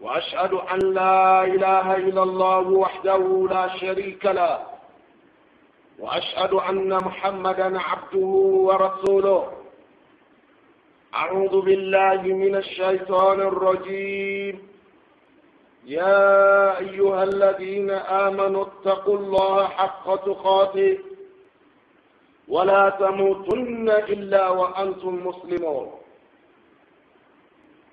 وأشهد أن لا إله إلا الله وحده لا شريك له وأشهد أن محمدا عبده ورسوله أعوذ بالله من الشيطان الرجيم يا أيها الذين آمنوا اتقوا الله حق تقاته ولا تموتن إلا وأنتم مسلمون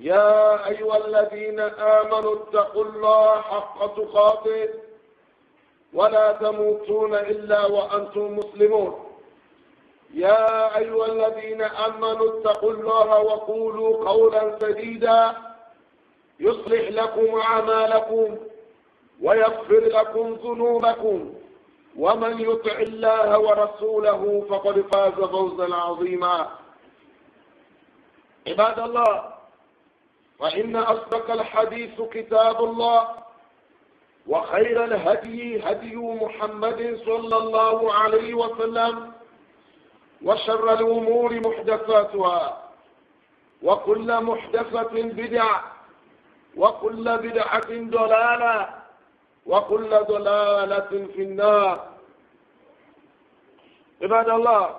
يا أيها الذين آمنوا اتقوا الله حق تقاتل ولا تموتون إلا وأنتم مسلمون يا أيها الذين آمنوا اتقوا الله وقولوا قولا سديدا يصلح لكم أعمالكم ويغفر لكم ذنوبكم ومن يطع الله ورسوله فقد فاز فوزا عظيما عباد الله فإن أصدق الحديث كتاب الله وخير الهدي هدي محمد صلى الله عليه وسلم وشر الأمور محدثاتها وكل محدثة بدعة وكل بدعة ضلالة وكل ضلالة في النار عباد الله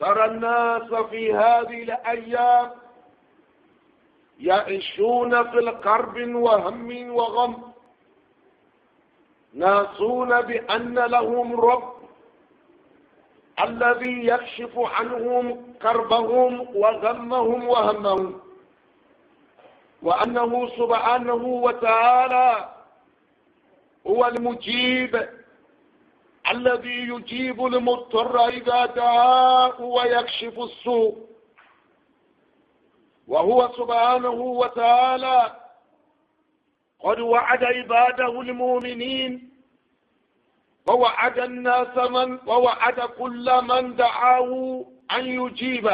ترى الناس في هذه الأيام يعيشون في القرب وهم وغم ناصون بأن لهم رب الذي يكشف عنهم كربهم وغمهم وهمهم وأنه سبحانه وتعالى هو المجيب الذي يجيب المضطر إذا دعاه ويكشف السوء وهو سبحانه وتعالى قد وعد عباده المؤمنين ووعد الناس من ووعد كل من دعاه أن يجيب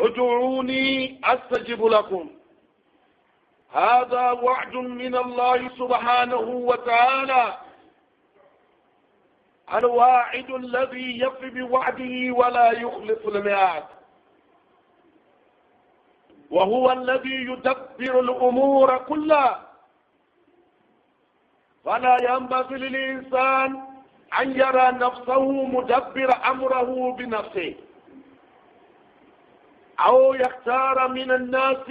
ادعوني أستجب لكم هذا وعد من الله سبحانه وتعالى الواعد الذي يفي بوعده ولا يخلف الميعاد وهو الذي يدبر الأمور كلها فلا ينبغي للإنسان أن يرى نفسه مدبر أمره بنفسه أو يختار من الناس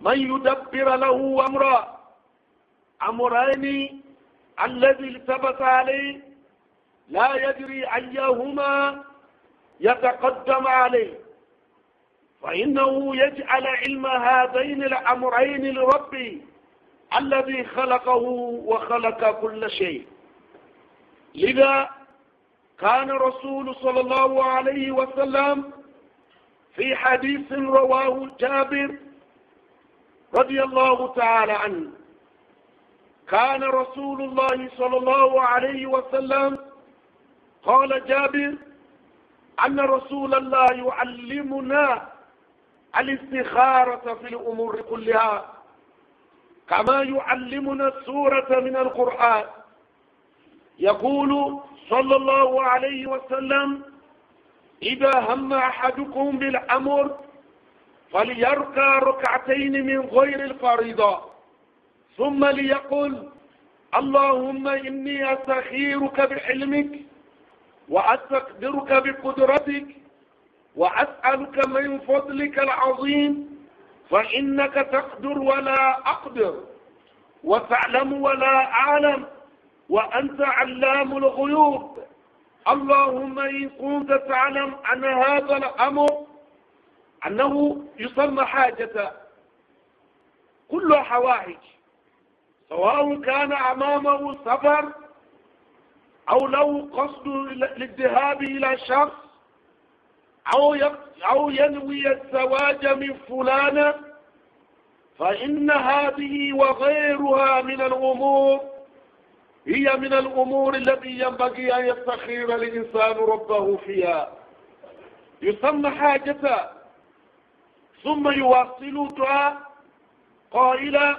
من يدبر له أمرا أمرين الذي التبس عليه لا يدري أيهما يتقدم عليه فإنه يجعل علم هذين الأمرين لربي الذي خلقه وخلق كل شيء لذا كان رسول صلى الله عليه وسلم في حديث رواه جابر رضي الله تعالى عنه كان رسول الله صلى الله عليه وسلم قال جابر أن رسول الله يعلمنا الاستخارة في الأمور كلها كما يعلمنا السورة من القرآن يقول صلى الله عليه وسلم إذا هم أحدكم بالأمر فليركع ركعتين من غير الفريضة ثم ليقل اللهم إني أستخيرك بعلمك وأستقدرك بقدرتك وأسألك من فضلك العظيم فإنك تقدر ولا أقدر وتعلم ولا أعلم وأنت علام الغيوب اللهم إن كنت تعلم أن هذا الأمر أنه يسمى حاجة كلها حوائج سواء كان أمامه سفر أو له قصد للذهاب إلى شخص أو أو ينوي الزواج من فلانة فإن هذه وغيرها من الأمور هي من الأمور التي ينبغي أن يستخير الإنسان ربه فيها يسمى حاجة ثم يواصل دعاء قائلا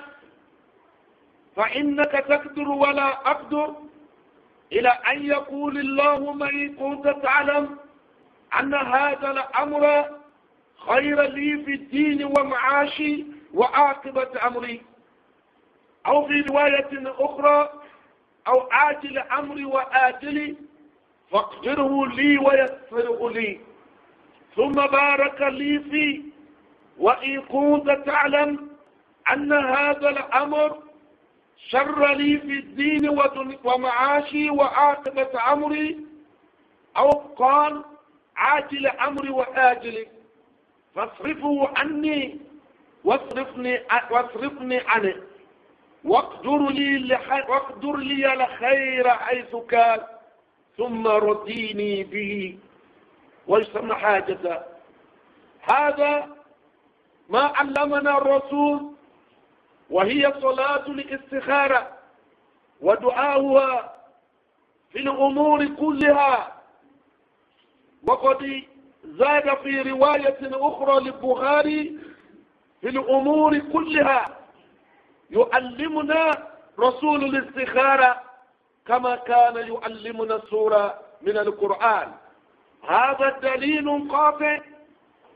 فإنك تقدر ولا أقدر إلى أن يقول اللهم إن كنت تعلم أن هذا الأمر خير لي في الدين ومعاشي وعاقبة أمري أو في رواية أخرى أو آجل أمري وآجلي فاقدره لي ويسره لي ثم بارك لي في وإن كنت تعلم أن هذا الأمر شر لي في الدين ومعاشي وعاقبة أمري أو قال عاجل أمري وآجلي فاصرفه عني واصرفني واصرفني عنه واقدر لي واقدر لي الخير حيث كان ثم رديني به واجتمع حاجته هذا ما علمنا الرسول وهي صلاة الاستخارة ودعاؤها في الأمور كلها وقد زاد في رواية أخرى للبخاري في الأمور كلها يعلمنا رسول الاستخارة كما كان يعلمنا سورة من القرآن هذا دليل قاطع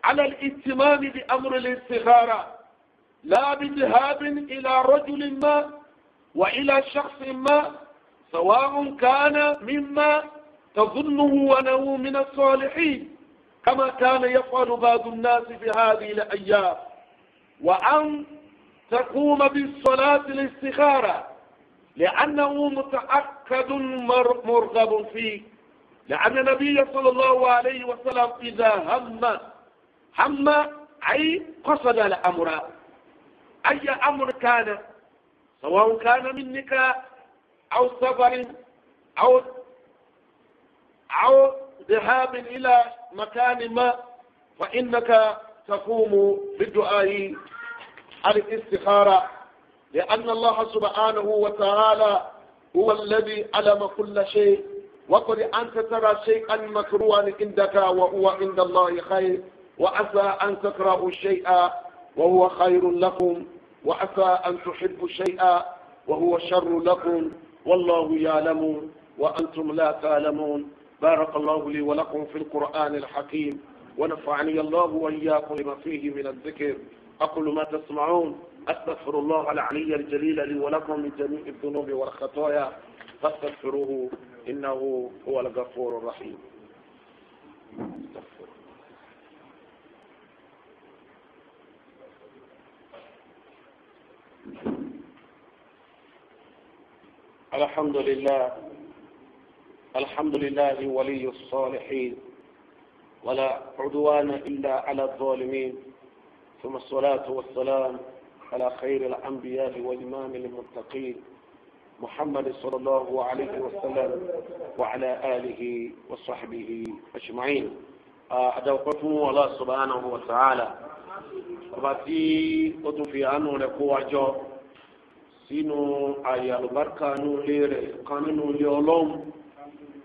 على الاهتمام بأمر الاستخارة لا بذهاب إلى رجل ما وإلى شخص ما سواء كان مما تظنه وله من الصالحين كما كان يفعل بعض الناس في هذه الأيام وأن تقوم بالصلاة الاستخارة لأنه متأكد مرغب فيه لأن النبي صلى الله عليه وسلم إذا هم هم أي قصد الأمر أي أمر كان سواء كان من نكاح أو سفر أو أو ذهاب إلى مكان ما فإنك تقوم بالدعاء على الاستخارة لأن الله سبحانه وتعالى هو الذي علم كل شيء وقل أنت ترى شيئا مكروها عندك وهو عند الله خير وعسى أن تكرهوا شيئا وهو خير لكم وعسى أن تحبوا شيئا وهو شر لكم والله يعلم وأنتم لا تعلمون بارك الله لي ولكم في القرآن الحكيم ونفعني الله وإياكم لما فيه من الذكر أقول ما تسمعون أستغفر الله العلي الجليل لي ولكم من جميع الذنوب والخطايا فاستغفروه إنه هو الغفور الرحيم الحمد لله الحمد لله ولي الصالحين ولا عدوان إلا على الظالمين ثم الصلاة والسلام على خير الأنبياء وإمام المتقين محمد صلى الله عليه وسلم وعلى آله وصحبه أجمعين آه، أدوقكم الله سبحانه وتعالى وفي أتفي أنه لكو أجو sínú àyè àlùbáríkà nínú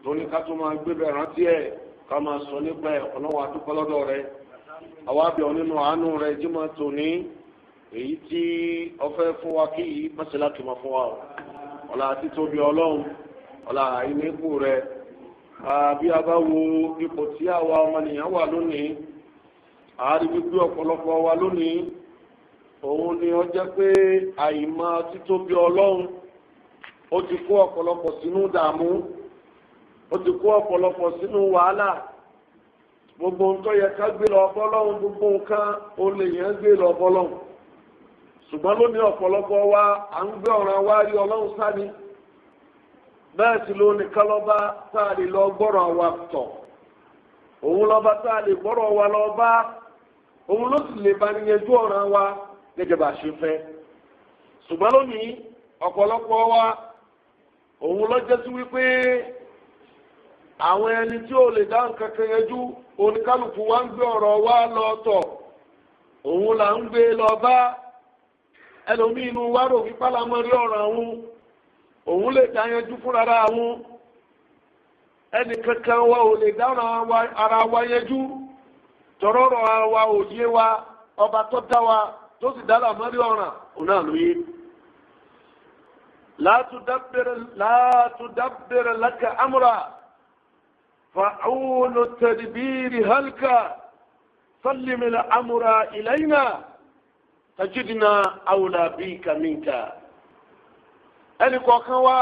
tó ní ká tó máa rántí ẹ̀ ká máa sọ nípa ẹ̀ ọlọ́wọ́ adúpẹ́ lọ́dọ̀ rẹ àwa bẹ̀ ọ́ nínú àánú rẹ jí máa èyí tí ọfẹ́ fún wa kí yìí mọ́sálá kì máa fún wa o ọ̀la ọlọ́run rẹ a ipò tí àwa ọmọnìyàn wà lónìí wa lónìí òun ni ọ jẹ́ pé ọlọ́run ó ti kó ọ̀pọ̀lọpọ̀ sínú ó ti kó ọ̀pọ̀lọpọ̀ sínú wàhálà gbogbo nǹkan yẹ ká gbé lọ bọ́lọ́hún gbogbo nǹkan ó lè yẹn gbé lọ bọ́lọ́hún ṣùgbọ́n lónìí ọ̀pọ̀lọpọ̀ wa à ń gbé ọ̀ràn wa rí ọlọ́run sáni bẹ́ẹ̀ sì ló ní kálọ́ba tá a lè lọ gbọ́rọ̀ wa tọ̀ òun lọ́ba tá a lè gbọ́rọ̀ wa lọ bá òun ló sì lè ọ̀ràn wa gẹ́gẹ́ bá a ṣe fẹ́ ṣùgbọ́n lónìí ọ̀pọ̀lọpọ̀ wa òun jẹ́ sí wípé. àwọn ẹni tí ò lè dá nǹkan kan yanjú oníkálukú wa ń gbé ọ̀rọ̀ wa lọ tọ̀ òun là ń gbé lọ bá ẹlòmíín inú wa rò wípé alámọ̀rí ọ̀rọ̀ àwọn òun lè dá yanjú fúnra àwọn ẹni kankan wa ò lè dá ara wa wa ò yé wa ọba tó dá wa tó sì dá ọ̀ràn òun فعول التدبير هلك صل من الأمر إلينا تجدنا أولى بك منك ẹnì kọ̀ọ̀kan wa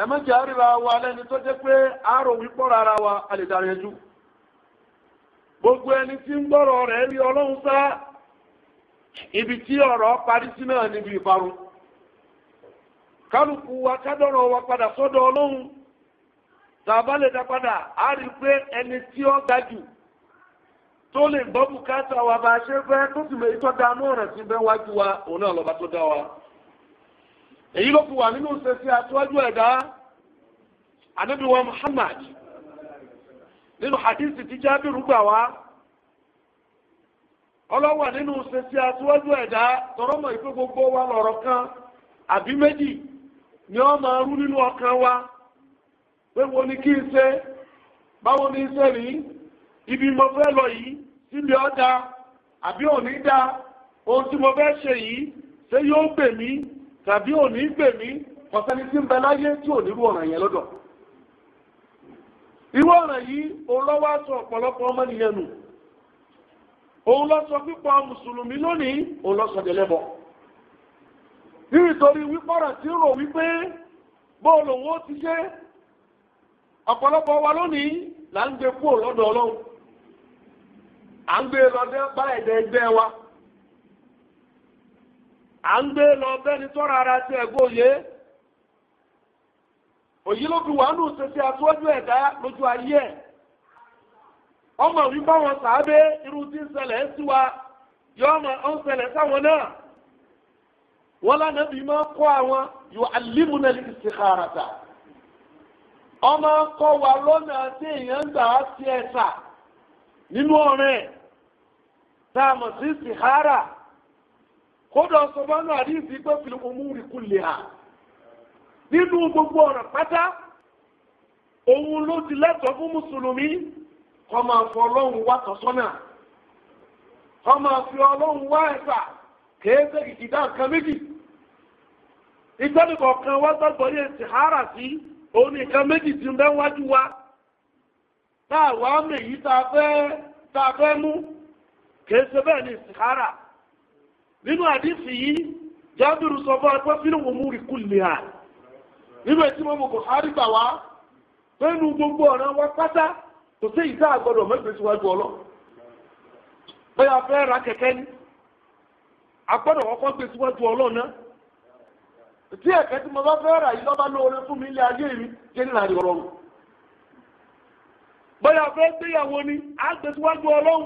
ẹ má jẹ́ àríra wa lẹ́ni tó jẹ́ pé àárò wípọ̀ rárá wa a lè darí ẹjú gbogbo ẹni tí ń gbọ́rọ̀ rẹ̀ rí ọlọ́run sá ibi tí ọrọ parí sí náà níbi ìparun kálukú wa kádọ́rọ̀ wa padà sọ́dọ̀ tàbá lè a padà á rí pé ẹni tí ó ga jù tó lè gbọ́ bùkátà wa bá ṣe fẹ́ tó sì da náà rẹ̀ sí bẹ́ẹ̀ wájú wa òun náà lọ́ba tó dá wa. èyí ló fi wà nínú Muhammad nínú hadith tí jábìrú gbà wá ọlọ́wà nínú àtúwájú gbogbo wa lọ̀rọ̀ kan àbí méjì ni máa rú wa. pẹ́wọ́ ní kí iṣẹ́ báwo ní iṣẹ́ rí ibi mo fẹ́ lọ yìí síbi ọ̀dà àbí òní dá ohun tí mo fẹ́ ṣe yìí ṣé yóò gbè mí tàbí òní gbè mí kọ̀sẹ́ni tí ń bẹ láyé tí ò nírú ọ̀ràn yẹn lọ́dọ̀ irú ọ̀ràn yìí òun lọ wá sọ ọ̀pọ̀lọpọ̀ nù òun lọ sọ pípọ̀ mùsùlùmí lónìí òun lọ sọ ọ̀pọ̀lọpọ̀ wa lónìí là ń gbé kúrò lọ́dọ̀ ọlọ́run à ń gbé lọ bá ẹ̀dẹ̀ wa à ń gbé lọ tọ́ra ara ti ẹ̀gbọ́ òye òyí ló fi wà nù sẹsẹ àtúwájú ẹ̀dá lójú ayé ẹ̀ ọmọ mi bá wọn sàábé irú tí ń ṣẹlẹ̀ sí wa yọ ọmọ ọ ń ṣẹlẹ̀ sáwọn náà wọn lánàá bí máa kọ́ àwọn yóò ọmọ kọ́ wa lọ́nà tí èèyàn gbà á sí ẹ̀sà nínú ọ̀rẹ́ ẹ̀ tá sí sìhárà kódà ọ̀sọ̀ bá pé mú lè hà nínú gbogbo ọ̀rọ̀ pátá òun ló ti lẹ́tọ̀ọ́ fún mùsùlùmí kọ́ máa fọ ọlọ́run wá tọ̀sọ́nà kọ́ máa fi ọlọ́run wá Si òun nìkan méjì tí ń bẹ wájú wa táà wá mè yí tá a fẹ́ mú kìí ṣe bẹ́ẹ̀ ni ìsìkára nínú àdífì yìí jábìrù sọ fún ẹgbẹ́ fílù wò mú ìkú lè à nínú ètí mọ́ mọ́ Buhari gbà wá pẹ́nu gbogbo ọ̀nà wa pátá kò sí ìdá àgbọ̀dọ̀ mẹ́gbẹ̀ẹ́ síwájú ọlọ́ bẹ́ẹ̀ a fẹ́ ra kẹ̀kẹ́ ni agbọ́dọ̀ wọ́n kọ́ gbé síwájú ọlọ́ náà tí ẹ̀kẹ́ tí mo bá fẹ́ rà yìí lọ́ba lóore fún mi ilé ayé mi jẹ́ nínú àrí ọlọ́run bóyá fẹ́ gbéyàwó ni a gbé síwájú ọlọ́run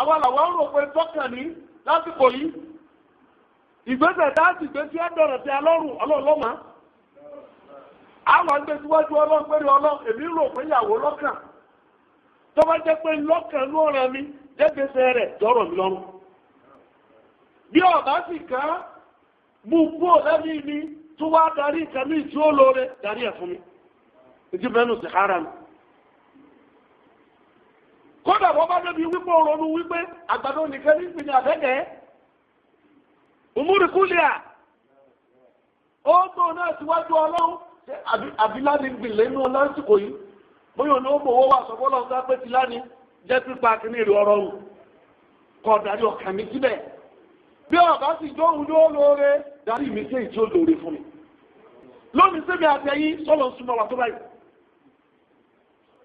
àwọn làwọn ń rò pé tọ́kàn ní lásìkò yìí ìgbésẹ̀ dáàsì gbé sí ọ̀dọ̀rọ̀ sí alọ́run ọlọ́run lọ́mọ àwọn gbé síwájú ọlọ́run pé ọlọ́run èmi rò pé ìyàwó lọ́kàn tó bá jẹ́ pé lọ́kàn ló ràn mí lẹ́gbẹ̀ẹ́sẹ̀ rẹ̀ jọ̀rọ̀ mi lọ́rùn bí ọ̀bá sì kàn án gbogbo kúrò lẹ́mí mi tó wá darí ìkàmí tí ó lóore darí ẹ̀ fún mi ìdí mẹ́nu mi. kódà wọ́n bá débi wípé ronú wípé àgbàdo nìkan ní ìpínlẹ̀ àtẹ́kẹ́ òmùrìkúlẹ̀ ó tó náà síwájú ọlọ́run àbílá gbìlẹ̀ inú yìí bóyá ní owó wà sọ́kọ́ lọ́sọ́ pé jẹ́ pípa kìnnìrì ọ̀rọ̀ síbẹ̀. bí ọ̀bá sì jóhun ló lóore darí mi sí èyí tó lóore fún mi lónìí sẹ́mi àtẹ̀yìn sọ́lọ̀ súnmọ́ wa tó báyìí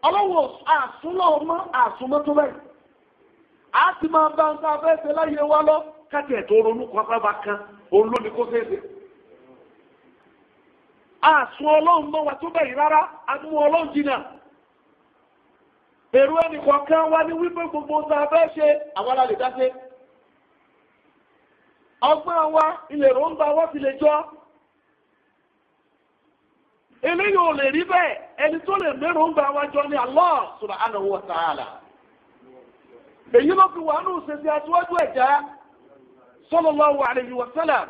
ọlọ́wọ́ àsúnlọ́ ọmọ àsúnmọ́ tó báyìí a ti máa bá ń sáfẹ́ ṣe láyé wa lọ káàkiri ẹ̀tọ́ ronú pápá kan òun ló ní kó ṣeéṣe àsún ọlọ́run mọ́ wa tó báyìí rárá a mú ọlọ́run jìnnà èrò ẹnì kọ̀ọ̀kan wa ní wípé gbogbo sáfẹ́ ṣe àwọn alálẹ̀ dáṣe ọgbọ́n wa ilẹ̀ rọ́ńbà wá fi lè jọ eléyìí ò lè rí bẹ́ẹ̀ ẹni tó lè mẹ́rọ̀ǹgbà wa jọ ní Allah subhanahu wa ta'ala èyí ló fi wà ní òṣèṣe aṣíwájú ẹ̀já sallallahu alayhi wa sallam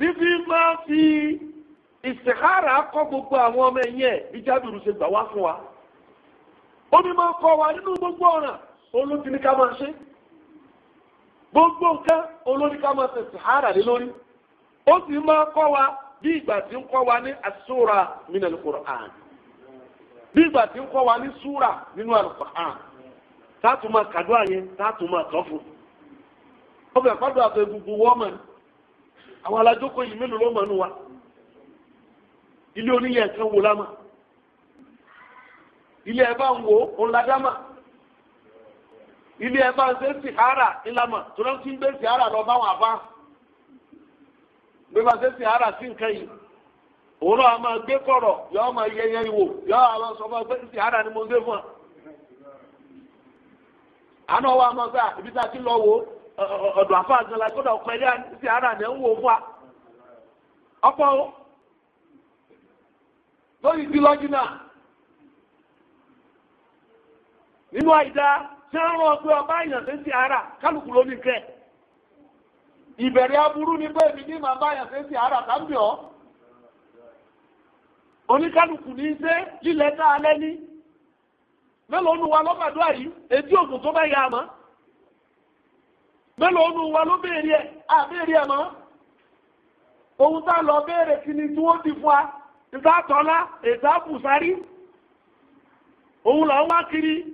níbi máa fi istikhara kọ́ gbogbo àwọn ọmọ ẹ̀yìn ẹ̀ ìjábìrù ṣe gbà wá fún wa ó ní máa kọ́ wa nínú gbogbo ọ̀ràn olókìní ká máa ṣe gbogbo nke olori ká máa tẹ̀sí hàrà lé lórí ó sì máa kọ́ wa bí ìgbà tí ń kọ́ wa ní asúra nínú alukur'an bí ìgbà tí ń kọ́ wa ní súra nínú alukur'an táàtù máa kàdúrà yẹn táàtù máa tọ́ fún un ó bẹ̀rẹ̀ egungun ni àwọn yìí mélòó ló wa ilé oníyẹn kan wò lámà ilé ẹ̀ bá ń wò ó ń ilé ẹ a ń ṣe sìhárà ńlámọ̀ tó lọ́n ti ń gbé sìhárà lọ báwọn àbá bí wọ́n sí nǹkan yìí máa gbé kọ̀rọ̀ máa yẹyẹ ìwò àwọn sọ fún ọ ni mo gbé fún ọ. àná wa máa a lọ wo ọ̀dọ̀ àfa la ọ̀pẹ ni ń wò fún wa. ọ̀pọ̀ o lórí náà tí wọ́n rán ọgbẹ́ ọba èèyàn ara kálukú ló ní kẹ́ ìbẹ̀rẹ̀ aburú ni pé èmi ní màá bá èèyàn ara kábíọ̀ ọ́ oníkálukú ní í ṣe lílẹ̀ tá a lẹ́ni mélòó nu wa ló tó bá yà á mọ́ mélòó nu wa ló béèrè ẹ̀ á béèrè a lọ béèrè kí ti fún wa ìta tọ́lá ìta òun kiri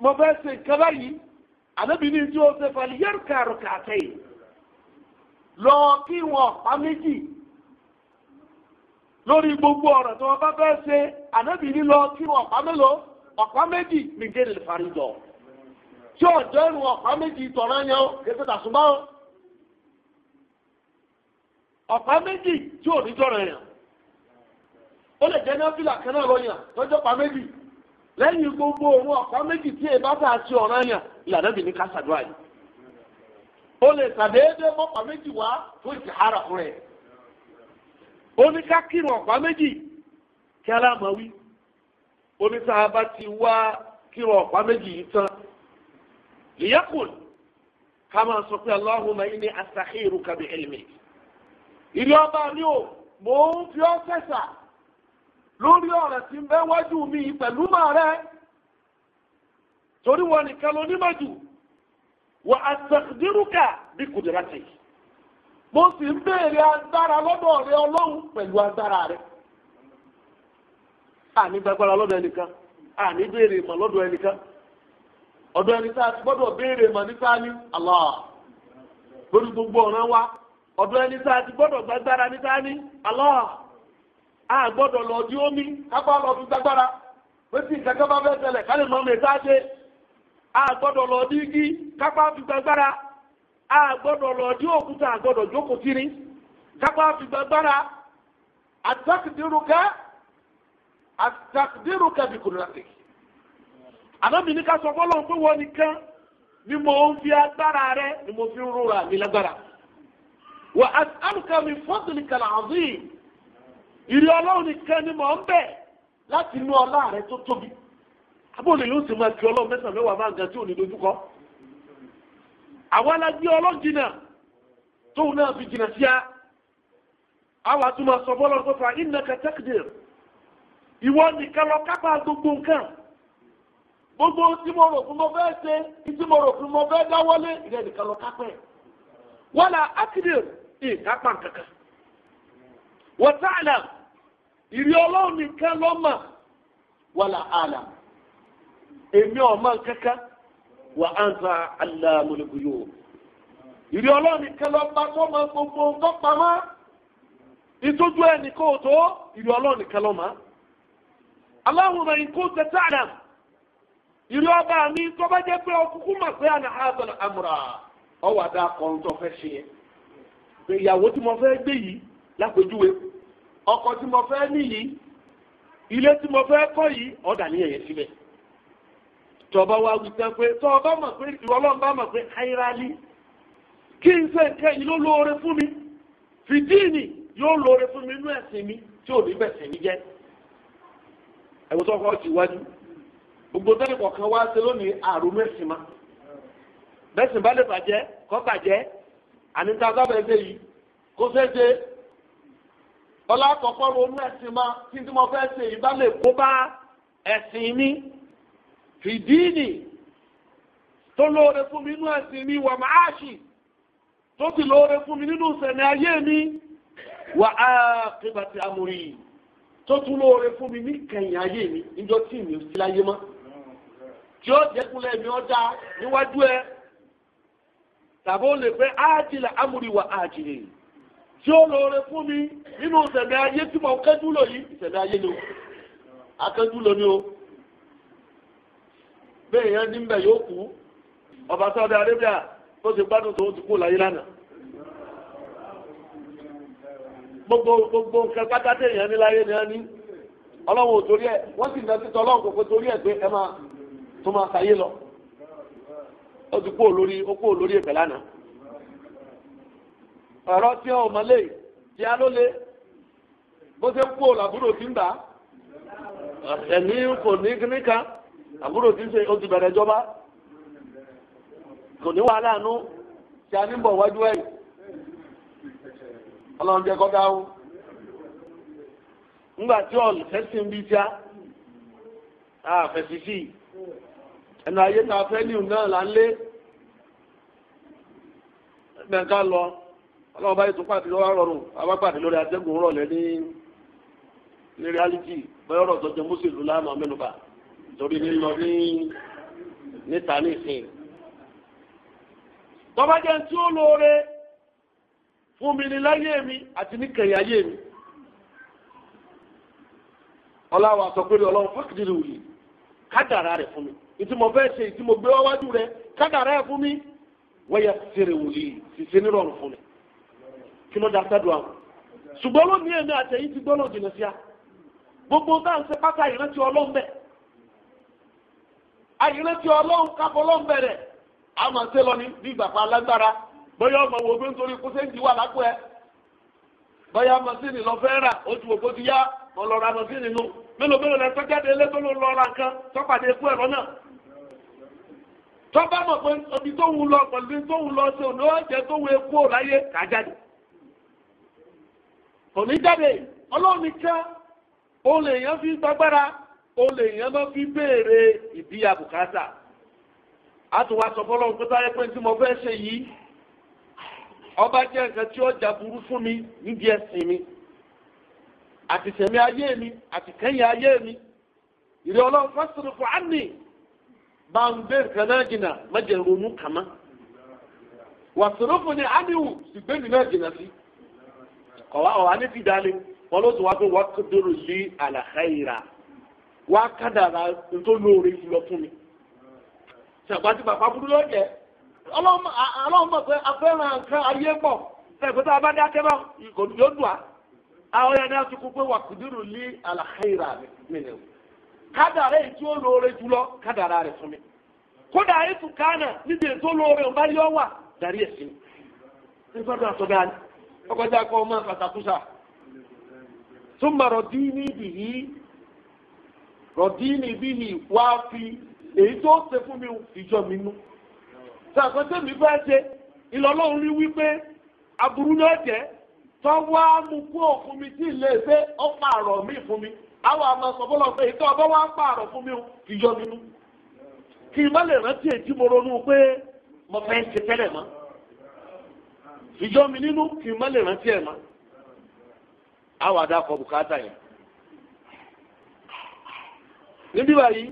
mo fẹ́ ṣe nǹkan báyìí ànábì ní tí o ṣe fàlẹ́ yẹ́rù kàrò kàtẹ́ lọ kí wọn pa méjì lórí gbogbo ọ̀rọ̀ tí wọ́n bá fẹ́ ṣe ànábì ní lọ kí wọn pa mélòó ọ̀pá méjì nìjẹ́ lè fari jọ tí ọ̀jọ́ ìrùn ọ̀pá méjì tọ̀rọ̀ yẹn kéṣe tàṣùmọ́ ọ̀pá méjì tí ò ní jọ̀rọ̀ yẹn ó lè jẹ́ ní ọ́fíìlà kan náà lọ́yàn tọ́jọ́ pa méjì lẹ́yìn gbogbo òun ọ̀pá méjì tí èbá tà sí ọ̀ràn yàn ìlànà mi ní ká ṣàdúrà yìí. o lè ṣàdéédé mọ́pá méjì wá fún ìtìhárà fún ẹ̀. o ní ká kírun ọ̀pá méjì kí aláàmọ̀ wí. o ní sáà bá ti wá kírun ọ̀pá méjì yìí tán. ìyẹ́kùn ká máa sọ pé Allahumma inni astakhiruka bi ilmik. ìrì ọba ni o mò ń fi ọ́ fẹ́sà. lórí ọ̀rẹ́ tí ń wájú mi pẹ̀lú ma rẹ torí wọn nìkan ló ní màjù wà á bí kùdìrà mo sì ń béèrè agbára lọ́dọ̀ rẹ ọlọ́run pẹ̀lú agbára rẹ àní gbàgbára lọ́dọ̀ ẹnìkan àní béèrè lọ́dọ̀ ẹnìkan ọ̀dọ̀ a ní lórí gbogbo ọ̀ràn wa ọ̀dọ̀ ẹni tá a ti gbọ́dọ̀ nípa a gbọ́dọ̀ lọ di omi kápá lọ fi gbàgbára pèsè ìkẹ́kẹ́ bá fẹ́ ṣẹlẹ̀ kálí mọ́ mi sáájé a gbọ́dọ̀ lọ di igi kápá fi gbàgbára a gbọ́dọ̀ lọ di òkúta a gbọ́dọ̀ jókòó kiri kápá fi gbàgbára àtàkìdírúkẹ́ àtàkìdírúkẹ́ bí kùnú láti. àbẹ́mi ní ká sọ fọ́lọ́ pé wọ́n nìkan ni mo ń fi agbára rẹ ni mo fi ń rúra mi lágbára. wà á sálùkẹ́ mi fọ́tìlì kàlà àzíì. ìrí ọlọ́run nìkan ni mò ń bẹ̀ láti inú ọlá rẹ tó tóbi abóòlè ló sì máa kí ọlọ́run mẹ́sàn-án mẹ́wàá máa ń ga tí ò ní dojúkọ àwọn tóun náà fi sí a àwọn àtúmọ̀ sọ bọ́lọ́ tó fa ìwọ nìkan lọ kápá gbogbo nǹkan gbogbo tí mo rò fún mo fẹ́ ṣe tí mo rò fún mo fẹ́ ìrẹ́ nìkan lọ kápẹ́ wọ́n la ákìdìr ìkápá wọ́n Iri ọlọ́run nìkan lọ́mà wàlà àlà èmi ọ̀mà kankan wà á ń ta aláàmúlẹ́kùn yòó ìrí ọlọ́run nìkan tó máa gbogbo tọ́pamọ́ ìtọ́jú ẹnì kò tó ìrí ọlọ́run nìkan lọ́mà aláwòrán ẹ̀yìn kò tẹ̀ tààdà ọba mi tó bá jẹ́ pé ọkùnkùn mà pé àná àbẹ̀rẹ̀ àmúra ọwọ́ àdá tó fẹ́ ṣe ìyàwó tí mo fẹ́ gbé yìí ọkọ̀ tí mo fẹ́ níyì ilé tí mo fẹ́ kọ́ yìí ọ̀dà ní ẹ̀yẹ síbẹ̀ tọba wa wí sẹ pé tọba mọ̀ pé ìrọ̀lọ́n bá mọ̀ pé ayérali kí n ṣe nǹkan yìí ló lóore fún mi fìdíìnì yóò lóore fún mi inú ẹ̀sìn mi tí ò ní bẹ̀sẹ̀ mi jẹ́ ẹ̀wọ̀n tó kọ́ ti wájú gbogbo tẹ́lẹ̀ kọ̀ọ̀kan wá ṣe lónìí àrùn mẹ́sìn ma bẹ́sìn bá lè bàjẹ́ kọ́ bàjẹ́ àníta sábẹ́ ṣe yìí kó fẹ́ ṣe ọlá àkọ́kọ́ ronú ẹ̀sìn ma kí tí mo fẹ́ ṣe ìbá lè kó bá ẹ̀sìn mi fìdíìnì tó lóore fún mi nínú ẹ̀sìn mi wà máa ṣì tó sì lóore fún mi nínú sẹ̀mí ayé mi wà á kébàtì amòrì tó tún lóore fún mi ní kẹyìn ayé mi níjọ́ tí mi ò sí láyé mọ́ tí ó jẹ́kulẹ̀ mi ọjà níwájú ẹ tàbí ó lè fẹ́ ájìlẹ̀ amòrì wà ájìlẹ̀ yìí. tí ó lóore fún mi nínú ìṣẹ̀dá ayé tí mo kẹ́jú lò yìí ìṣẹ̀dá ayé ni o akẹ́jú lò ni o bẹ́ẹ̀ yẹn ní bẹ́ẹ̀ yóò kú ọba Saudi Arabia tó ti gbádùn tó ti kú láyé lánàá gbogbo gbogbo nǹkan yẹn ní láyé ni wọ́n ní ọlọ́run ò torí ẹ̀ wọ́n sì ọ̀rọ̀ tí ọ mọ̀lẹ́ tí a ló lé bó ṣe kú làbúrò tí ń bà ẹ̀mí kò ní kíní kan àbúrò tí ń ṣe oṣù bẹ̀rẹ̀ ìjọba kò ní wà láàánú tí a ní bọ̀ wájú ẹ̀yìn ọlọ́run jẹ́ kọ́ dáhùn ńgbà tí ọ̀lù fẹ́sìn bí tíá àfẹ́sì sí ẹnu ayé ta fẹ́ níhùn náà là ń lé ẹgbẹ̀ká lọ ọlọ́wọ́ báyìí tún pàdé lọ́wọ́ rọrùn abápàdé lórí atẹ́gùn rọ̀lẹ́ ní ní reality bẹ́ẹ̀ ọ̀rọ̀ tó jẹ mùsùlùmí láàmú amẹ́nubà torí ní lọ ní níta ní ìsìn. tọ́ba jẹ́ tí ó lóore fún mi ní láyé mi àti ní kẹ̀yìn ayé mi. ọláwọ àtọ́gbére ọlọ́run fákìdìrì òye kádàrá rẹ̀ fún mi ìtí mo fẹ́ ṣe ìtí gbé wáwájú rẹ̀ kádàrá rẹ̀ fún mi wọ́n yẹ fèrè òye ṣìṣe kí ló dáa sẹ́dùn àwọn. ṣùgbọ́n èmi ti jìnnà gbogbo náà ń ṣe pátá ìrántí ọlọ́run bẹ̀. àìrántí ọlọ́run kápọ̀ ọlọ́run bẹ̀rẹ̀ a máa ṣe lọ ní bí alágbára bóyá ọmọ wo gbé nítorí kó séǹtì lápò ẹ bóyá mọ́sínì lọ fẹ́ rà ó ti wò kó ti yá lọ ra mọ́sínì nù mélòó mélòó lẹ tọ́jáde lẹ́tọ́ ló lọ ra nǹkan tọ́pàdé ikú kò ní jáde ọlọ́run nìkan òun lèèyàn fi gbàgbára òun lèèyàn lọ fi béèrè ìdí àbùkátà àtúwà sọ fọlọ́run pé táyé tí mo ọba jẹ́ nǹkan tí ó jà burú fún mi nídìí ẹ̀sìn mi àti ayé mi àti ayé mi ìrẹ́ ọlọ́run fásitì fún àmì bá ń gbé nǹkan náà jìnnà mẹ́jẹ̀ ronú kàmá ni àmì ọ̀wá ọ̀wá ní wọn ló tún wá pé wa kúndúró lé kádàrà tó lóore lọ fún mi. ṣàgbàtí bàbá burú ló jẹ ọlọ́run mọ̀ pé afẹ́ràn nǹkan ayé tó a bá bá yóò dùn a àwọn yẹn mi lóore fún mi. kódà kánà níbi ètò lóore ọkọjá kọ ọmọ kàtàkùsà túmọ rọdíìnì bìhí rọdíìnì bìhí wá fi èyí tó ṣe fún mi ìjọ mi nú sàkóso mi fẹ́ ṣe ìlọlọ́run rí wípé aburú náà jẹ́ tọ́wọ́ amukú òfun mi tí ilé ó pààrọ̀ mi àwọn mi má lè rántí mo ronú pé mo fẹ́ ṣe tẹ́lẹ̀ ìjọ mi nínú kì í má lè rántí ẹ̀ mọ́ àwọn àdàkọ̀ bùkátà yẹn níbí báyìí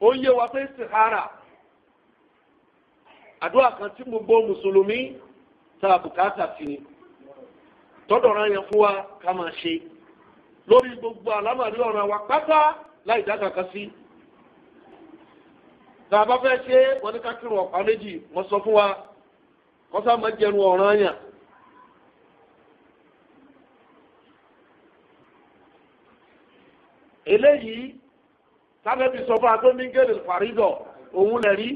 ó yé wa pé sihara àdúrà kan tí gbogbo mùsùlùmí tá a bùkátà sí ni tọ́dọ̀ ra yẹn fún wa ká máa ṣe lórí gbogbo àlámàrí ọ̀ràn wa pátá láì dá sí tá a bá fẹ́ ṣe wọ́n ní ká kírun ọ̀pá méjì wọ́n sọ fún wa kọ́sá máa jẹnu ọ̀ràn yàn. eléyìí sábẹ́bí sọ fún agbómingéèrè fàrídọ̀ òun lẹ̀ rí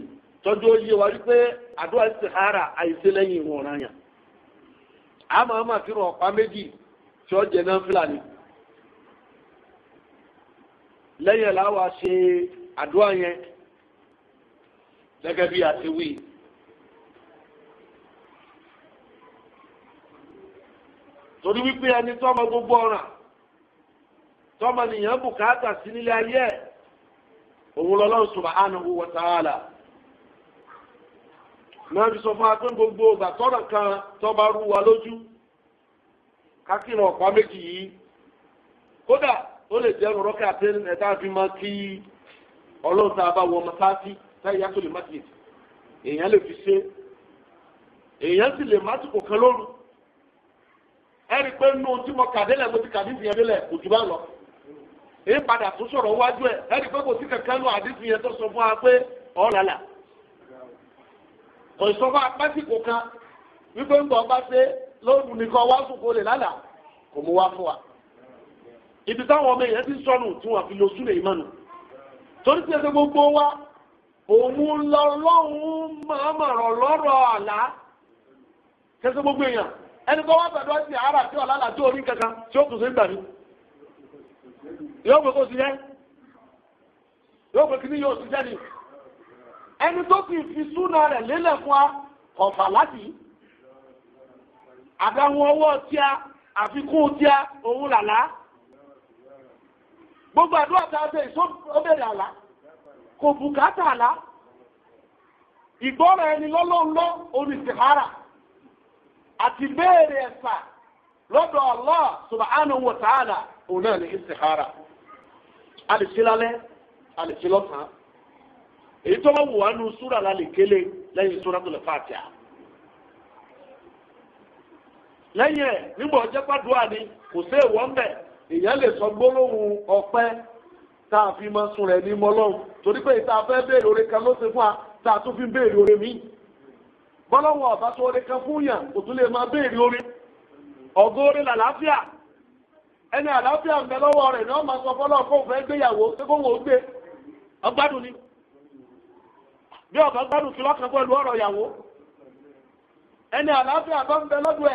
tọ́jú oyè wa wípé àdúrà ìsìkára àìsí lẹ́yìn ìwọ̀n ọ̀ràn yàn. a máa ma fi méjì tí ó náà fúlàní. lẹ́yìn ẹ̀ láwa ṣe àdúrà yẹn gẹ́gẹ́ bí a ti wí. torí wípé ẹni tó ma gbogbo ọ̀ràn tọ́mọ nìyẹn bùkátà sí nílé ayé ẹ̀ òun lọ́lọ́run subhanahu wa ta'ala náà fi sọ fún wa pé gbogbo ọgbà tọ́rọ̀ kan tọ́ba rú wa lójú kákìnà ọ̀pá méjì yìí kódà ó lè jẹ́ rọ́kẹ́ àti ẹ̀dá fi máa kí ọlọ́run a bá wọ mọ́sáàsì lè ẹ̀rí pé nínú ti kàdí ìfìyẹn délẹ̀ kò jù lọ. èyí tó sọ̀rọ̀ wájú ẹ̀ ẹ̀rí pé kò kankan nù yẹn tó sọ fún wa pé ọ̀làlà. kò sọ fún apásìkò kan wípé ń bọ̀ bá ṣe lóòrùn nìkan wá sùn kó lè lálà kò mú wá wa. ibi táwọn ọmọ èèyàn ti sọnù tí wọn fi lo ẹni tó wá pẹ̀lú ọtí ara tí ọ̀la là orí kankan tí ó kù sí gbà yóò pé kó ṣiṣẹ́ yóò pé kíní yóò ṣiṣẹ́ ni ẹni tó sì fi súnà rẹ̀ lélẹ̀ fún ọ̀fà láti ọwọ́ àfikún òun làlá gbogbo àdúrà a ìsọ́bẹ̀rẹ̀ àlá kò bùkátà àlá àti béèrè ẹ̀sà lọ́dọ̀ Allah subhanahu wa ta'ala òun náà ní istikhara a lè ṣe lálẹ́ a lè ṣe lọ́sàn-án èyí tó wọ́n wù wá nù súrà lálẹ́ kélé lẹ́yìn suratul Fatiha lẹ́yìn ẹ̀ nígbà ọjọ́ pàdúrà ni kò sí èèwọ̀ ńbẹ̀ èèyàn lè sọ gbólóhùn ọpẹ́ tá a fi máa sun rẹ̀ ní mọ́lọ́run torí pé ìta fẹ́ béèrè oore kan ló ṣe fún wa tá a tún fi béèrè oore míì. bọ́lọ́wọ́ ọ̀bá tó orí kan fún yàn kò tún lè máa béèrè orí orí làlàáfíà ẹni àlàáfíà ń bẹ lọ́wọ́ rẹ̀ náà sọ fọ́lọ́ kó fẹ́ gbéyàwó pé kó wọ́n gbé ọgbádùn ni bí ọ̀bá gbádùn lọ́kàn pẹ̀lú ọ̀rọ̀ ìyàwó ẹni àlàáfíà bá ń bẹ lọ́dọ̀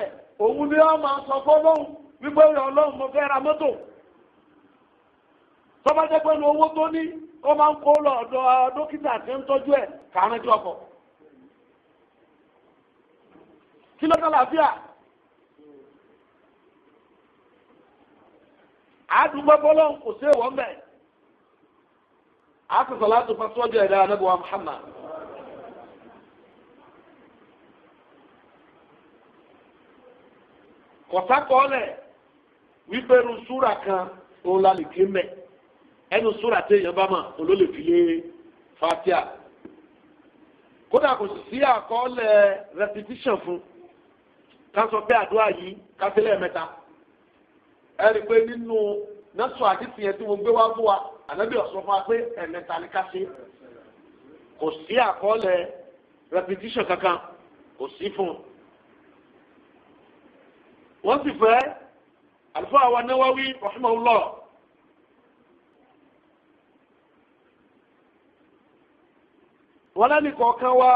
ẹ̀ òun kí ló dá làáfíà. àádùgbò bọ́lọ̀ kò sí èèwọ̀ mbẹ́ àkàtà láti fa sọ́jà ẹ̀dá wa Muhammad. kọ̀sákọ́ọ̀lẹ̀ wípé súra kan òun la lè ké ẹnu súra téèyàn bá mọ̀ fi lé fatia kódà kò sí àkọọ́lẹ̀ repetition fún ká sọ pé àdúrà yìí ká ṣe lẹ́ẹ̀mẹ́ta ẹ rí i pé nínú nọ́ọ̀sù àdìsí yẹn tí mo gbé wá fún wa ànábì ọ̀sán fún wa pé ẹ̀mẹ́ta ni ká ṣe kò sí àkọọ́lẹ̀ repetition kankan kò sí fún un wọ́n sì fẹ́ àlùfáà àwọn Nawawi rahimahullah. wọ́n lẹ́nu kọ̀ọ̀kan wa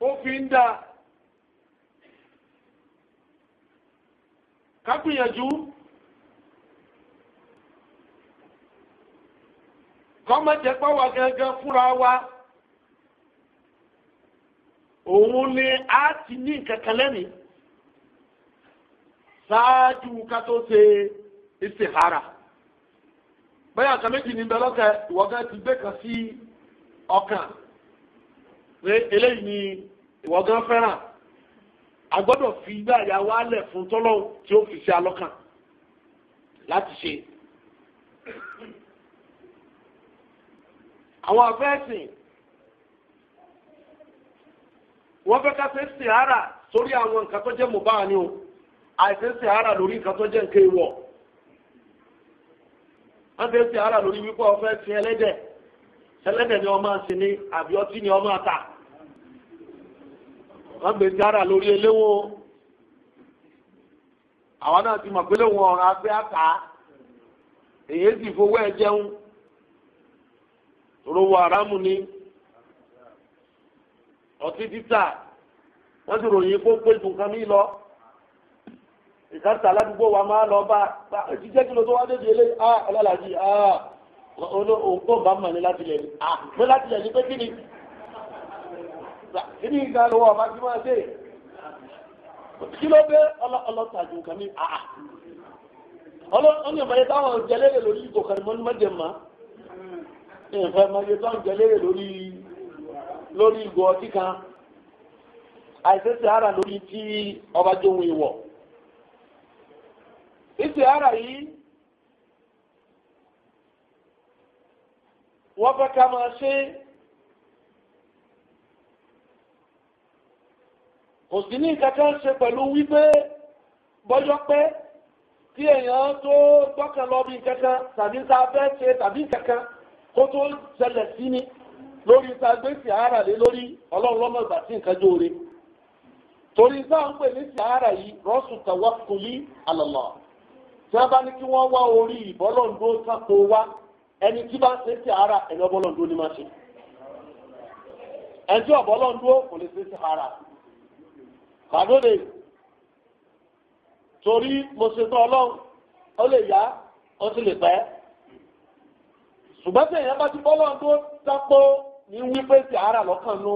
ó fi ń dá ká gbìyànjú kọ́mọ jẹ́ fúnra wa òun ni a ti ní kankan lẹ́nìí ṣáájú ká tó ṣe ìsìnkára bẹ́ẹ̀ àkàn méjì ní bẹ́ẹ̀ ti gbé kan sí ọkàn pé eléyìí ni ìwọ́gán fẹ́ràn. a gbọ́dọ̀ fi gbàyà wálẹ̀ fún tọ́lọ́hún tí ó fi ṣe alọ́kàn láti ṣe. àwọn afẹ́sìn wọ́n fẹ́ ká ṣe sìárà sórí àwọn nǹkan tó jẹ́ mọ̀bá ni o àìṣe sìárà lórí nǹkan tó jẹ́ nǹkan ìwọ̀ wọ́n fẹ́ sìárà lórí wípé ọ̀fẹ́ sin ẹlẹ́dẹ̀ ẹlẹ́dẹ̀ ni wọ́n máa ń sin ní ni wọ́n máa ta. wọ́n gbé tíárà lórí eléwó àwọn náà ti mọ̀ pé lóun ọ̀ràn afẹ́ àká èyí sì fowó ẹ̀ jẹun rówó aráàmù ni ọtí títà wọ́n ti ròyìn kó pé ju nǹkan mi lọ ìkárta aládùúgbò wa máa lọ bá jíjẹ́ kí ló tó wá débi ilé ah, ọlọ́làjì òǹkó ah. bá mọ̀ ní láti lẹ̀ ní ah, pé kí ni kíní ìgbà lọ́wọ́ ọba tí máa dé kí ló dé ọlọ́tàjú nǹkan mi àà ọlọ́ni ìmọ̀ yẹn táwọn jẹlẹ́rẹ̀ lórí ìgò kan mọ́ ní mọ́jẹ̀ mọ́ ìfẹ́ mọ́ yẹn táwọn jẹlẹ́rẹ̀ lórí lórí ìgò ọtí kan àìsẹ́sẹ́ ara lórí tí ọba jóhun ìwọ̀ ìsẹ́ ara yìí wọ́n fẹ́ ká máa ṣe é. kò sí ní ìkẹta ṣe pẹ̀lú wípé bọ́jọ́ pé kí èèyàn tó gbọ́kàn lọ bí kankan tàbí tá a fẹ́ ṣe tàbí kankan kó tó ṣẹlẹ̀ sí ni lórí tá a gbé sìárà lé lórí ọlọ́run lọ́mọ ìgbà tí nǹkan jóore torí tá à ń pè ní sìárà yìí rọ́ọ̀sù tawakkuli ala Allah tí wọ́n bá ní kí wọ́n wá orí ìbọ́lọ́ǹdó sáko wá ẹni tí bá ń ṣe sìárà ẹ̀yọ́ bọ́lọ́ǹdó ni máa ṣe ẹni tí ọ̀bọ́lọ́ǹdó kò lè ṣe sìárà tàbódè torí mo ṣe ọlọ́run ó lè yá ó sì lè pẹ́ ṣùgbọ́n tí èèyàn bá ti bọ́lọ́run tó dápó ní wípé ti ara lọ́kàn nú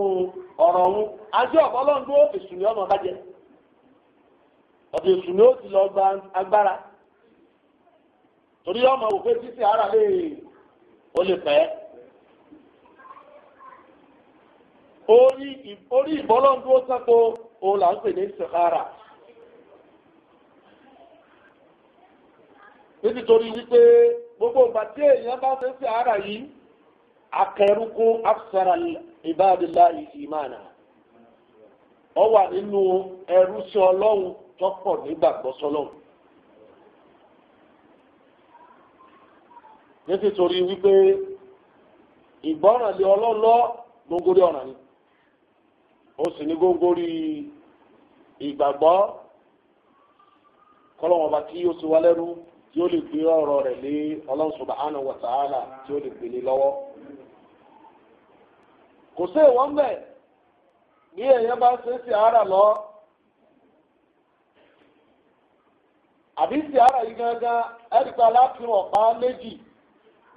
ọ̀rọ̀ ọ̀hún àti ọ̀bọ́lọ́run èṣù ni ọmọ ọ̀dọ̀ èṣù ni ó ti lọ gba agbára torí ọmọ òfin títí ara lè ó lè pẹ́ orí ìbọ́lọ́run òun là ń pè ní sàkárà. nítorí wípé gbogbo ìgbà tí èèyàn bá fẹ́ sàárà yìí akẹrùkú afsara ìbádìlá ìsìmánà ọ wà nínú ẹrú sí ọlọ́run tọ́pọ̀ nígbàgbọ́ sọlọ́run. nítorí wípé ìgbọ́ràn lé ọlọ́lọ́ gbogbo ọ̀ràn ni. ó sì ní góńgóri ìgbàgbọ́ kọ́lọ́wọ́n bá tí ó sì wá lẹ́rú tí ó lè gbé ọ̀rọ̀ rẹ̀ lé Ọlọ́run subhanahu wa ta'ala tí ó lè gbélé lọ́wọ́ kò sí ìwọ́n bẹ̀ bí èèyàn bá ṣe sí ara lọ àbí sí ara yìí gángan ẹ̀ríkà láfihàn ọ̀pá méjì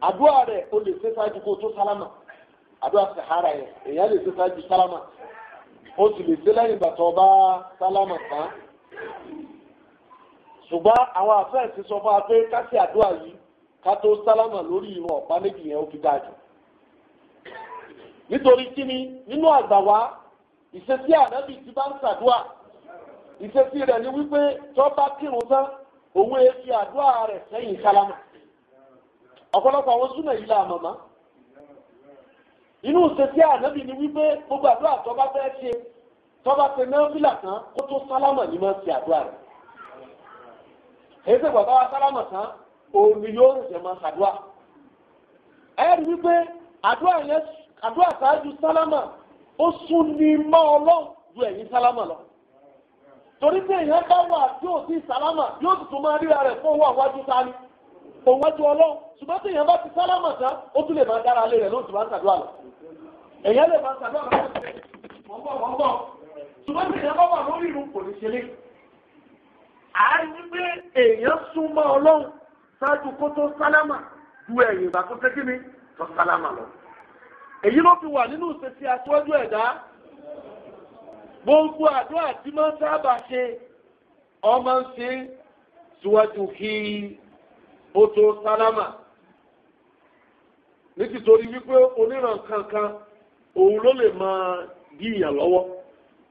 àdúrà rẹ̀ o lè ṣe ṣáájú kó tó sálámà àdúrà sí ara yẹn èèyàn lè ṣe ṣáájú sálámà ó sì lè dé lẹ́yìn ìgbà tó bá sálámà tán ṣùgbọ́n àwọn àfẹ́ẹ̀sì sọ fún wa pé ká ṣe àdúrà yìí ká tó sálámà lórí ìrun ọ̀pá méjì yẹn ó fi dáa jù nítorí kíni nínú àgbà wa ìṣesí ànábì tí bá ń ṣàdúrà ìṣesí rẹ̀ ni wípé tó bá kírun tán òun èéfi e àdúrà rẹ̀ sẹ́yìn sálámà ọ̀pọ̀lọpọ̀ àwọn súnà inú ṣètì ànábì ni wípé gbogbo àdúrà tó bá fẹ́ ṣe tó bá ṣe náfìlà tán kó tó sálámà ní máa ṣe àdúrà rẹ̀ èyí ṣe bàbá wa sálámà tán òun ni yóò ṣe máa ṣàdúrà ẹ rí wípé àdúrà yẹn àdúrà ṣáájú sálámà ó sún ní mọ́ ọlọ́run ju ẹ̀yìn sálámà lọ torí pé èèyàn bá wà tí ò sí sálámà yóò sì máa ríra rẹ̀ fún owó àwájú sáni tó wájú ọlọ́run ṣùgbọ́n tí èèyàn bá ti sálámà tán ó tún lè máa dára lé rẹ̀ lóòtú bá ń ṣàdúrà lọ. èèyàn lè máa ṣàdúrà lọ́wọ́ mọ̀gbọ́n mọ̀gbọ́n ṣùgbọ́n tí èèyàn bá wà lórí ìlú kò ní ṣe lé. àárín wípé èèyàn súnmọ́ ọlọ́run ṣáájú kó tó sálámà ju ẹ̀yìn ìgbà tó tẹ́kí mi tó sálámà lọ. èyí ló fi wà nínú ìṣesí aṣọ́jú ẹ̀dá gbogbo àdúrà tí sábà ṣe ọmọ ń ṣe síwájú kí ó tó sálámà nítorí wípé oníran kankan òun ló lè máa bí ìyàn lọ́wọ́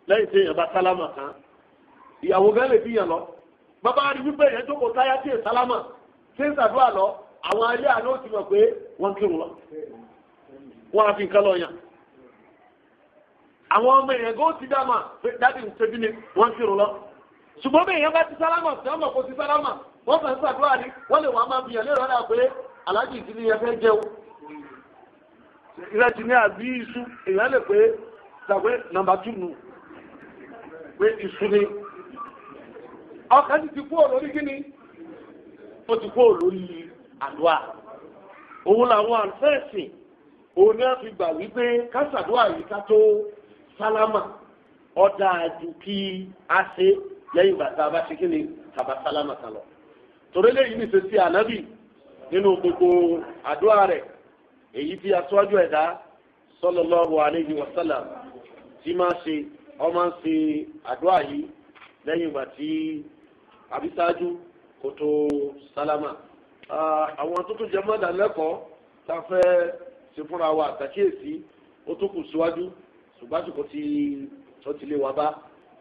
lẹ́yìn tí èèyàn bá sálámà kan ìyàwó gan lè bí ìyàn lọ bàbá rí wípé èèyàn jókòó táyà tí èèyàn sálámà tí ń sàdúrà lọ àwọn ayé àná ó ti mọ̀ pé wọ́n kírun lọ wọ́n á fi nǹkan lọ yàn àwọn ọmọ ti dáma dáàbì ń ṣe bí ni wọ́n kírun lọ ṣùgbọ́n bí èèyàn ti ti salama. wọ́n fẹ́ gbàdúrà ni wọ́n lè wọ́n máa bìyàn lérò náà pé aláàjì ti ní ẹfẹ́ jẹun ìrẹsì ní àbí iṣu èèyàn lè pé tàbí nàmbà tù nù pé iṣu ni ọkàn ti ti kú ọ̀ lórí kíni ó ti kú ọ̀ lórí àdúrà òun làwọn àǹfẹ́ẹ̀sìn òun ni a fi gbà wípé kásàdúrà yìí ká tó sálámà ọ̀dà àjù kí a ṣe lẹ́yìn bàtà bá ṣe kíni tàbá sálámà kan lọ torí lẹ́yìn ní sèse ànábì nínú gbogbo àdúrà rẹ̀ èyí tí aṣáájú ẹ̀dá sallallahu alayhi wa sallam tí máa ṣe ọmọ ń ṣe àdúrà yìí lẹ́yìn ìgbà tí àbíṣáájú kò tó sálámà. àwọn tó tún jẹ mọ́dà lẹ́kọ̀ọ́ tá a fẹ́ ṣe fúnra wa àtàkíyèsí ó tó kù síwájú ṣùgbọ́n àsìkò tí wọ́n ti lé wa bá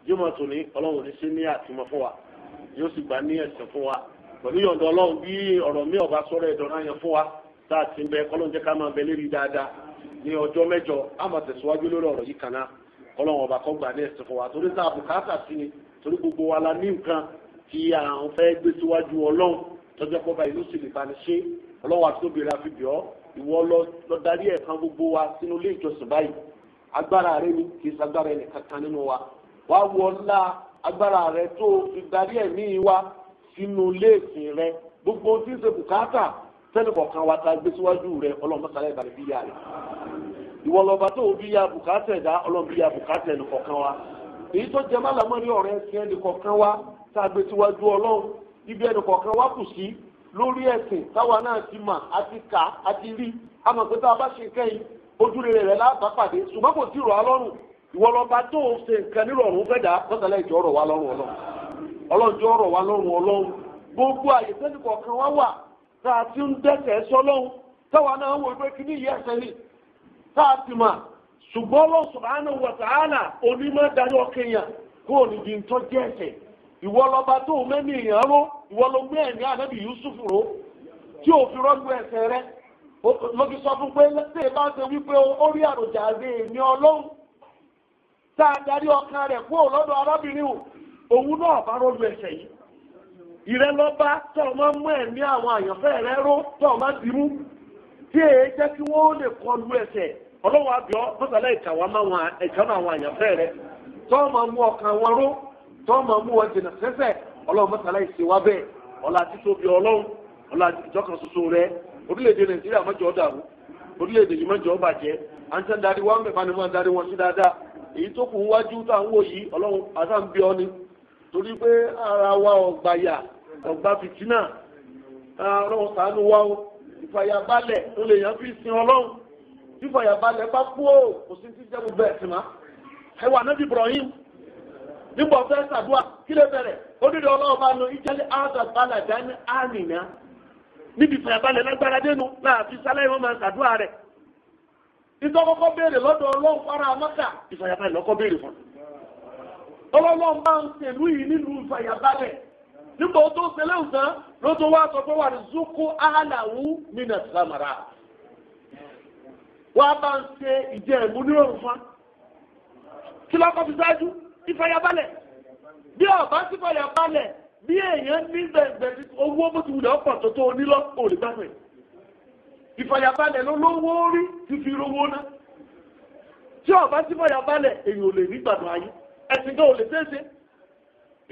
jimoh tòní ọlọ́run ní sí ní àtìmọ́ fún wa yóò sì gbà ní ẹ̀sìn fún wa pẹ̀lú yọ̀ǹda ọlọ́run bí ọ̀rọ̀ mi ọ̀bá sọ̀rọ̀ ẹ̀dọ̀ náà yẹn fún wa tá a ti ń bẹ kọ́lọ́n jẹ́ ká máa bẹ lérí dáadáa ní ọjọ́ mẹ́jọ á máa tẹ̀síwájú lórí ọ̀rọ̀ yìí kan náà kọ́lọ́n ọba kọ́ gbà ní ẹ̀sìn fún wa torí tá a bùkátà sí ni torí gbogbo wa la ní nǹkan tí à ń fẹ́ gbé síwájú ọlọ́run tọ́jú ẹ̀kọ́ bá ìlú sì lè bá ní ṣe ọlọ́wà tó bèrè àfihàn ìwọ lọ darí ẹ̀kan gbogbo wa sínú ilé ìjọsìn báyìí agbára rẹ ni kì í sagbára ẹnì kankan nínú wa wá wọlá agbára rẹ tó fi darí ẹ̀mí wa sínú léèsì rẹ gbogbo ohun tí ń ṣe bùkátà sẹ́ni kọ̀ọ̀kan wa ta gbé síwájú rẹ ọlọ́run mọ́sálẹ̀ ìbàdàn bíyà rẹ ìwọ lọ́ba tó o bíyà bùkátà ẹ̀dá ọlọ́run bíyà bùkátà ẹnì kọ̀ọ̀kan wa èyí tó jẹ málàmọ́ ní ọ̀rẹ́ ẹ̀sìn ẹnì kọ̀ọ̀kan wa tá a gbé síwájú ọlọ́run ibi ẹnì kọ̀ọ̀kan wa kù sí lórí ẹ̀sìn táwa náà ti mà á ti kà á ti rí àmọ̀ pé tá a bá ṣe kẹ́yìn ojúrere rẹ̀ lábàápàdé ṣùgbọ́n kò tí ì rọ̀ á lọ́rùn ìwọ tó o ṣe nǹkan nírọ̀rùn fẹ́ dà mọ́sálẹ̀ ìjọ ọlọ́jọ́ ọ̀rọ̀ wa lọ́rùn ọlọ́run gbogbo àyè tẹ́nìkọ̀ kan wá wà tá a ti ń dẹ́sẹ̀ sí ọlọ́run táwa náà ń wo pé ní ìyá ni tá a ti mà ṣùgbọ́n onímọ̀ yẹn kó o ìwọ lọba tó o èèyàn ró ìwọ ló gbé ẹ̀mí Yusuf ró tí o fi rọ́gbọ rẹ mo fi sọ fún pé bá ṣe wípé ó rí àròjà ọlọ́run a òun náà bá rọ́lù ẹsẹ̀ yìí ìrẹ́ lọ bá tọ́ máa mú ẹ̀mí àwọn àyànfẹ́ rẹ ró tọ́ ọ máa dirú tí èyí jẹ́ kí wọ́n lè kọlu ẹsẹ̀ ọlọ́wọ́ àbíọ́ mọ́sálẹ̀ ìkàwá máwọn ẹ̀jọ́ náà àwọn àyànfẹ́ rẹ tọ́ máa mú ọkàn wọn ró tọ́ máa mú wọn jìnà ọlọ́wọ́ bẹ́ẹ̀ ọlá ọlọ́run ọlá rẹ orílẹ̀-èdè nàìjíríà orílẹ̀-èdè yìí bàjẹ́ ni wọ́n ń darí wọn sí dáadáa èyí tó kù ń wájú torí pé ara wa ọ̀gbàyà ọ̀gbà fìtínà ọlọ́run ṣàánú wa o ìfàyàbalẹ̀ tó lè yàn fi sin ọlọ́run tí ìfàyàbalẹ̀ bá kú o kò sí ti jẹ́mu bẹ́ẹ̀ sí ma ẹ wà náà Ibrahim nígbà ọ̀fẹ́ sàdúà kí lè bẹ̀rẹ̀ ó nílò ọlọ́run bá nu ìjẹ́lẹ̀ áàtà bàlà dání àmìnà níbi ìfàyàbalẹ̀ lágbára dénú láàfin sálẹ̀ wọn máa sàdúà rẹ̀ ìtọ́kọ́kọ́ béèrè lọ́dọ̀ ọlọ́run fara amáka ìfàyàbalẹ̀ lọ́kọ́ béèrè fún un. ọlọ́wọ́n bá ń pẹ̀lú yìí nínú ìfàyàbálẹ̀ nígbà tó ṣẹlẹ̀ ọ̀sán ló tó wá sọ pé wà ní zuku aláwú nínú ìsàmàrà wọ́n bá ń ṣe ìjẹ́ ìmú ní òun fún kí lọ́kọ́ fi ṣáájú ìfàyàbálẹ̀ bí ọ̀bá sí bí èèyàn ní owó bó ti tó tó ìfàyàbálẹ̀ ló lówó rí ti fi rówó ná tí sí èèyàn ò lè ẹ̀sìn gan ò lè ṣeéṣe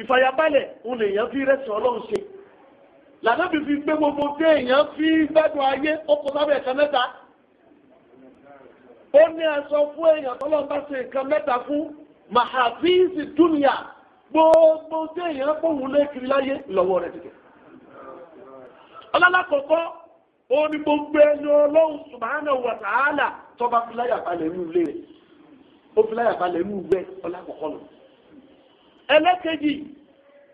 ìfàyàbalẹ̀ òun lè yàn fi rẹ́sìn ọlọ́run ṣe lànàbí fi gbé gbogbo dé èèyàn fi gbádùn ayé ó kó sábẹ́ ẹ̀ka mẹ́ta ó ní aṣọ fún èèyàn tọ́lọ́ bá ṣe nǹkan mẹ́ta fún màhàfíìsì dúnìyà gbogbo dé èèyàn fóun lé kiri láyé lọ́wọ́ rẹ̀ tìkẹ́ ọlọ́lákọ̀ọ́kọ́ ó ní gbogbo ẹni ọlọ́run subhanahu wa ta'ala tọ́ba fi láyà balẹ̀ nínú ilé rẹ̀ ó fi láyà balẹ̀ inú wẹ́ ọlákọ̀ọ́kọ́ nù. ẹlẹ́kẹ̀jì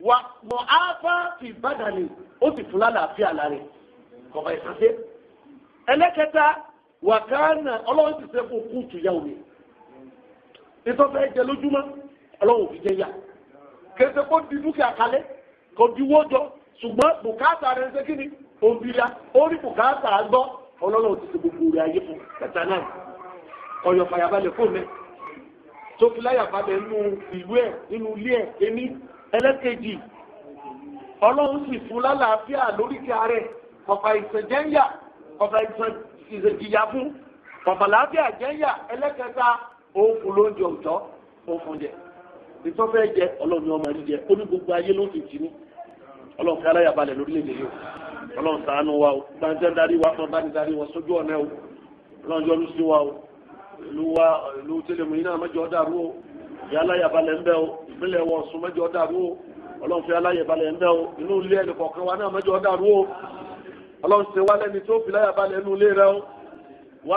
wà mọ̀ áfá fi bàdànì ó sì fún lálàáfíà lárẹ̀ kọ̀ọ̀kan ìsànṣẹ́. ẹlẹ́kẹta wà káànà ọlọ́run sì sẹ́kù kú tùyà omi. ìtọ́fẹ́ jẹ lójúmọ́ ọlọ́run fi jẹ yà. kẹsẹ̀ kó di dúkìá kalẹ̀ kó di wọ́jọ ṣùgbọ́n bùkátà rẹ̀ ń ṣe kíni òbíra ó rí bùkátà gbọ́ ọlọ́run ti ṣe gbogbo rẹ̀ ayé fún kẹta náà ọ̀yọ̀ fàyàbalẹ̀ fún mẹ́ta tó fi láyà balẹ̀ nínú ìlú ẹ̀ nínú ilé ẹ̀ ẹni ẹlẹ́kejì ọlọ́run sì fún lálàáfíà lóríkì ààrẹ ọ̀pá ìsẹ̀jẹ̀yà ọ̀pá ìsẹ̀jìyà fún ọ̀pá làáfíà jẹ́yà ẹlẹ́kẹta òun fún lóúnjẹ òjọ́ òun fún jẹ ìtọ́fẹ́ jẹ ọlọ́run ọmọ rí jẹ ó ní gbogbo ayé ló ti tì ní ọlọ́run fi aláyà balẹ̀ lórílẹ̀-èdè yìí ọlọ́run ṣàánú wa o gbàǹtẹ́ darí wa fún bá ìlú wa ìlú tẹlẹmù iná mẹjọ dàrú o ìyá aláyàbalẹ̀ ń bẹ o ìpínlẹ̀ wọ̀ sùn mẹjọ dàrú o ọlọ́nfẹ́ aláyàbalẹ̀ ń bẹ o inú ilé ẹnì na wa náà mẹjọ dàrú o lẹ́ni tó fi láyàbalẹ̀ inú ilé